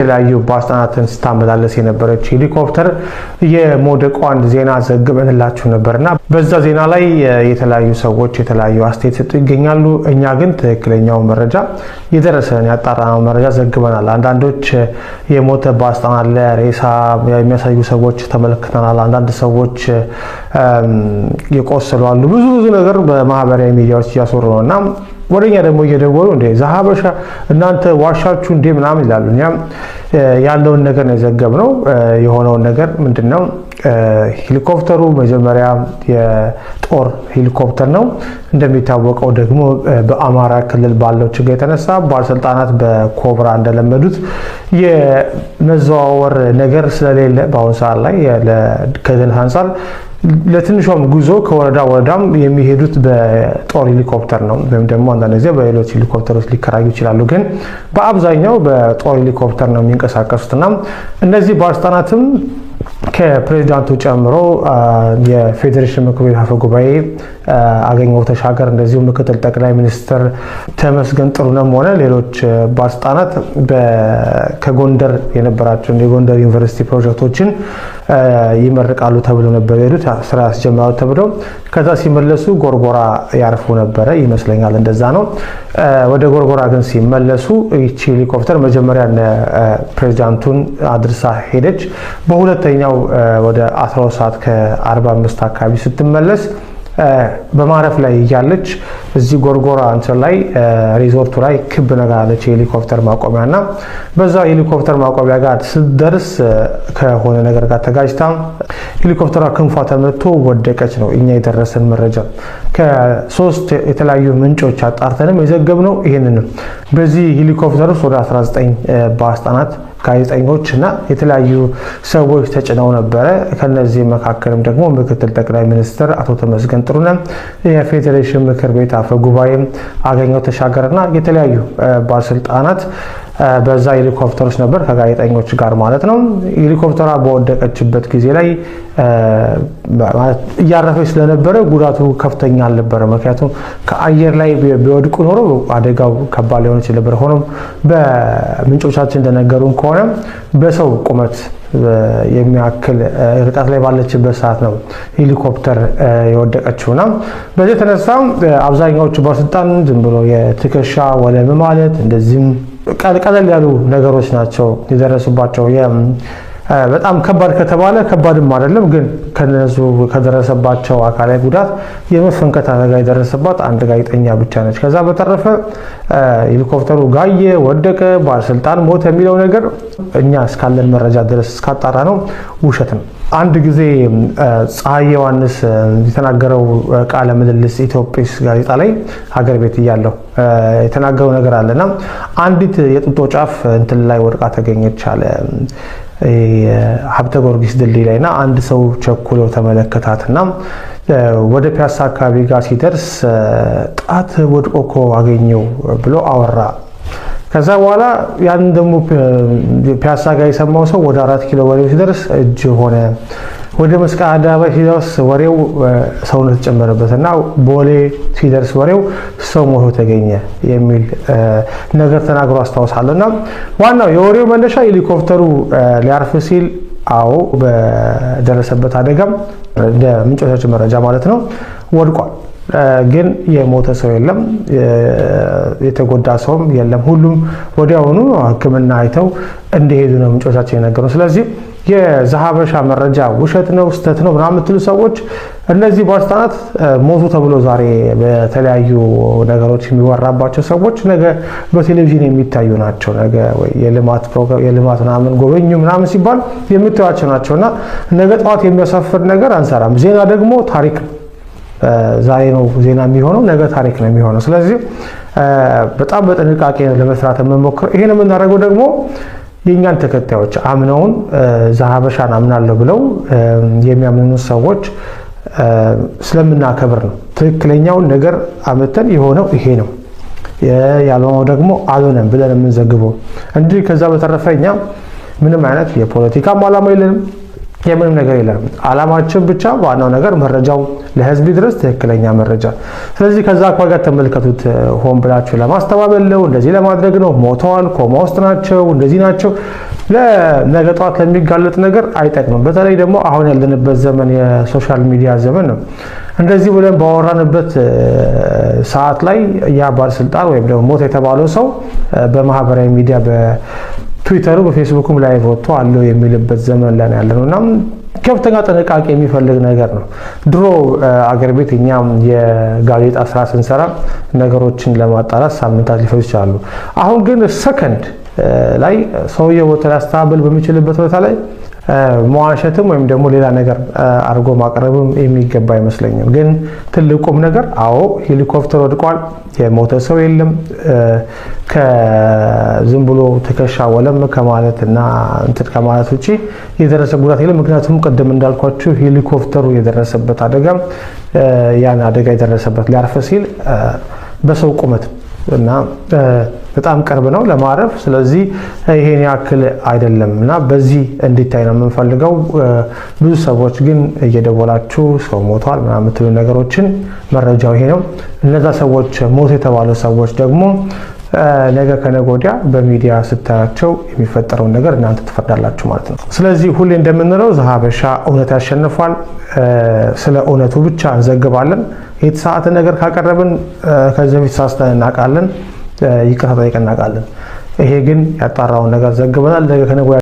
የተለያዩ ባለስልጣናትን ስታመላለስ የነበረች ሄሊኮፕተር የመውደቋን ዜና ዘግበንላችሁ ነበርና በዛ ዜና ላይ የተለያዩ ሰዎች የተለያዩ አስተያየት ሰጡ ይገኛሉ። እኛ ግን ትክክለኛው መረጃ የደረሰን ያጣራነው መረጃ ዘግበናል። አንዳንዶች የሞተ ባለስልጣን አለ፣ ሬሳ የሚያሳዩ ሰዎች ተመልክተናል። አንዳንድ ሰዎች የቆሰሉ አሉ። ብዙ ብዙ ነገር በማህበራዊ ሚዲያዎች እያስወሩ ነው እና ወደኛ ደግሞ እየደወሉ እንደ ዛሀበሻ እናንተ ዋሻችሁ እንዴ ምናምን ይላሉ። እኛም ያለውን ነገር ነው የዘገብነው። የሆነውን ነገር ምንድን ነው ሄሊኮፕተሩ መጀመሪያ የጦር ሄሊኮፕተር ነው። እንደሚታወቀው ደግሞ በአማራ ክልል ባለው ችግር የተነሳ ባለስልጣናት በኮብራ እንደለመዱት የመዘዋወር ነገር ስለሌለ በአሁኑ ሰዓት ላይ ከደህንነት አንጻር ለትንሿም ጉዞ ከወረዳ ወረዳም የሚሄዱት በጦር ሄሊኮፕተር ነው። ወይም ደግሞ አንዳንድ ጊዜ በሌሎች ሄሊኮፕተሮች ሊከራዩ ይችላሉ። ግን በአብዛኛው በጦር ሄሊኮፕተር ነው የሚንቀሳቀሱትና እነዚህ ባለስልጣናትም ከፕሬዚዳንቱ ጨምሮ የፌዴሬሽን ምክር ቤት አፈ ጉባኤ አገኘው ተሻገር እንደዚሁም ምክትል ጠቅላይ ሚኒስትር ተመስገን ጥሩነህም ሆነ ሌሎች ባለስልጣናት ከጎንደር የነበራቸውን የጎንደር ዩኒቨርሲቲ ፕሮጀክቶችን ይመርቃሉ ተብለው ነበር የሄዱት። ስራ ያስጀምራሉ ተብለው ከዛ ሲመለሱ ጎርጎራ ያርፉ ነበረ ይመስለኛል፣ እንደዛ ነው። ወደ ጎርጎራ ግን ሲመለሱ ይቺ ሄሊኮፕተር መጀመሪያ ፕሬዚዳንቱን አድርሳ ሄደች። በሁለተኛው ወደ 12 ሰዓት ከ45 አካባቢ ስትመለስ በማረፍ ላይ እያለች እዚህ ጎርጎራ እንትን ላይ ሪዞርቱ ላይ ክብ ነገር አለች የሄሊኮፕተር ማቆሚያ እና በዛ ሄሊኮፕተር ማቆሚያ ጋር ስትደርስ ከሆነ ነገር ጋር ተጋጅታ ሄሊኮፕተሯ ክንፏ ተመቶ ወደቀች ነው እኛ የደረሰን መረጃ። ከሶስት የተለያዩ ምንጮች አጣርተንም የዘገብነው ይህንንም በዚህ ሄሊኮፕተር ውስጥ ወደ 19 ባለስልጣናት ጋዜጠኞች እና የተለያዩ ሰዎች ተጭነው ነበረ። ከነዚህ መካከልም ደግሞ ምክትል ጠቅላይ ሚኒስትር አቶ ተመስገን ጥሩነህ፣ የፌዴሬሽን ምክር ቤት አፈ ጉባኤም አገኘው ተሻገርና የተለያዩ ባለስልጣናት በዛ ሄሊኮፕተሮች ነበር ከጋዜጠኞች ጋር ማለት ነው። ሄሊኮፕተሯ በወደቀችበት ጊዜ ላይ እያረፈች ስለነበረ ጉዳቱ ከፍተኛ አልነበረ። ምክንያቱም ከአየር ላይ ቢወድቁ ኖሮ አደጋው ከባድ ሊሆን ይችል ነበር። ሆኖም በምንጮቻችን እንደነገሩን ከሆነ በሰው ቁመት የሚያክል ርቀት ላይ ባለችበት ሰዓት ነው ሄሊኮፕተር የወደቀችውና በዚህ የተነሳ አብዛኛዎቹ ባለስልጣን ዝም ብሎ የትከሻ ወለም ማለት እንደዚህም ቀለል ያሉ ነገሮች ናቸው የደረሱባቸው በጣም ከባድ ከተባለ ከባድም አይደለም፣ ግን ከነሱ ከደረሰባቸው አካላዊ ጉዳት የመፈንከት አደጋ የደረሰባት አንድ ጋዜጠኛ ብቻ ነች። ከዛ በተረፈ ሄሊኮፕተሩ ጋየ፣ ወደቀ፣ ባለስልጣን ሞተ የሚለው ነገር እኛ እስካለን መረጃ ድረስ እስካጣራ ነው ውሸት ነው። አንድ ጊዜ ፀሐይ ዮሐንስ የተናገረው ቃለ ምልልስ ኢትዮጵስ ጋዜጣ ላይ ሀገር ቤት እያለሁ የተናገረው ነገር አለና አንዲት የጡጦ ጫፍ እንትን ላይ ወድቃ ተገኘች አለ ሀብተ ጊዮርጊስ ድልድይ ላይና አንድ ሰው ቸኩሎ ተመለከታትና ወደ ፒያሳ አካባቢ ጋር ሲደርስ ጣት ወድቆ አገኘው ብሎ አወራ። ከዛ በኋላ ያን ደግሞ ፒያሳ ጋር የሰማው ሰው ወደ አራት ኪሎ በሬው ሲደርስ እጅ ሆነ ወደ መስቀል አደባባይ ሲደርስ ወሬው ሰውነት ተጨመረበት እና ቦሌ ሲደርስ ወሬው ሰው ሞቶ ተገኘ የሚል ነገር ተናግሮ አስታውሳለሁ። እና ዋናው የወሬው መነሻ ሄሊኮፕተሩ ሊያርፍ ሲል አዎ በደረሰበት አደጋም እንደ ምንጮቻችን መረጃ ማለት ነው ወድቋል። ግን የሞተ ሰው የለም፣ የተጎዳ ሰውም የለም። ሁሉም ወዲያውኑ ሕክምና አይተው እንደሄዱ ነው ምንጮቻቸው የነገሩ። ስለዚህ የዘሀበሻ መረጃ ውሸት ነው ስህተት ነው ምናምን የምትሉ ሰዎች እነዚህ ባለስልጣናት ሞቱ ተብሎ ዛሬ በተለያዩ ነገሮች የሚወራባቸው ሰዎች ነገ በቴሌቪዥን የሚታዩ ናቸው። ነገ የልማት ምናምን ጎበኙ ምናምን ሲባል የምታዩቸው ናቸው እና ነገ ጠዋት የሚያሳፍር ነገር አንሰራም። ዜና ደግሞ ታሪክ ነው። ዛሬ ነው ዜና የሚሆነው፣ ነገ ታሪክ ነው የሚሆነው። ስለዚህ በጣም በጥንቃቄ ለመስራት የምንሞክረው። ይሄን የምናደርገው ደግሞ የእኛን ተከታዮች አምነውን ዛሀበሻን አምናለሁ ብለው የሚያምኑ ሰዎች ስለምናከብር ነው። ትክክለኛውን ነገር አመተን የሆነው ይሄ ነው ያልሆነው ደግሞ አልሆነም ብለን የምንዘግበው እንጂ ከዛ በተረፈ እኛ ምንም አይነት የፖለቲካም ዓላማ የለንም። የምንም ነገር የለም። አላማችን ብቻ ዋናው ነገር መረጃው ለህዝብ ድረስ ትክክለኛ መረጃ። ስለዚህ ከዛ አኳያ ተመልከቱት። ሆን ብላችሁ ለማስተባበል ነው፣ እንደዚህ ለማድረግ ነው። ሞተዋል፣ ኮማ ውስጥ ናቸው፣ እንደዚህ ናቸው። ለነገ ጠዋት ለሚጋለጥ ነገር አይጠቅምም። በተለይ ደግሞ አሁን ያለንበት ዘመን የሶሻል ሚዲያ ዘመን ነው። እንደዚህ ብለን ባወራንበት ሰዓት ላይ ያ ባለስልጣን ወይም ደግሞ ሞት የተባለው ሰው በማህበራዊ ሚዲያ ትዊተሩ በፌስቡክም ላይ ወጥቶ አለው የሚልበት ዘመን ላይ ያለ ነው እናም ከፍተኛ ጥንቃቄ የሚፈልግ ነገር ነው። ድሮ አገር ቤት እኛም የጋዜጣ ስራ ስንሰራ ነገሮችን ለማጣራት ሳምንታት ሊፈጅ ይችላሉ። አሁን ግን ሰከንድ ላይ ሰውየው ቦታ ሊያስተባብል በሚችልበት ቦታ ላይ መዋሸትም ወይም ደግሞ ሌላ ነገር አድርጎ ማቅረብም የሚገባ አይመስለኝም። ግን ትልቁም ነገር አዎ ሄሊኮፕተር ወድቋል፣ የሞተ ሰው የለም። ከዝም ብሎ ትከሻ ወለም ከማለት እና እንትን ከማለት ውጭ የደረሰ ጉዳት የለም። ምክንያቱም ቅድም እንዳልኳችሁ ሄሊኮፕተሩ የደረሰበት አደጋ ያን አደጋ የደረሰበት ሊያርፍ ሲል በሰው ቁመት እና በጣም ቅርብ ነው ለማረፍ። ስለዚህ ይሄን ያክል አይደለም እና በዚህ እንዲታይ ነው የምንፈልገው። ብዙ ሰዎች ግን እየደወላችሁ ሰው ሞቷል ምናምን የምትሉ ነገሮችን መረጃው ይሄ ነው። እነዛ ሰዎች ሞቱ የተባሉ ሰዎች ደግሞ ነገ ከነገ ወዲያ በሚዲያ ስታያቸው የሚፈጠረውን ነገር እናንተ ትፈርዳላችሁ ማለት ነው። ስለዚህ ሁሌ እንደምንለው ዘሀበሻ እውነት ያሸንፏል። ስለ እውነቱ ብቻ እንዘግባለን። የተሳሳተ ነገር ካቀረብን ከዚህ በፊት ሳስተን እናውቃለን፣ ይቅርታ ጠይቀን እናውቃለን። ይሄ ግን ያጣራውን ነገር ዘግበናል። ነገ ከነገ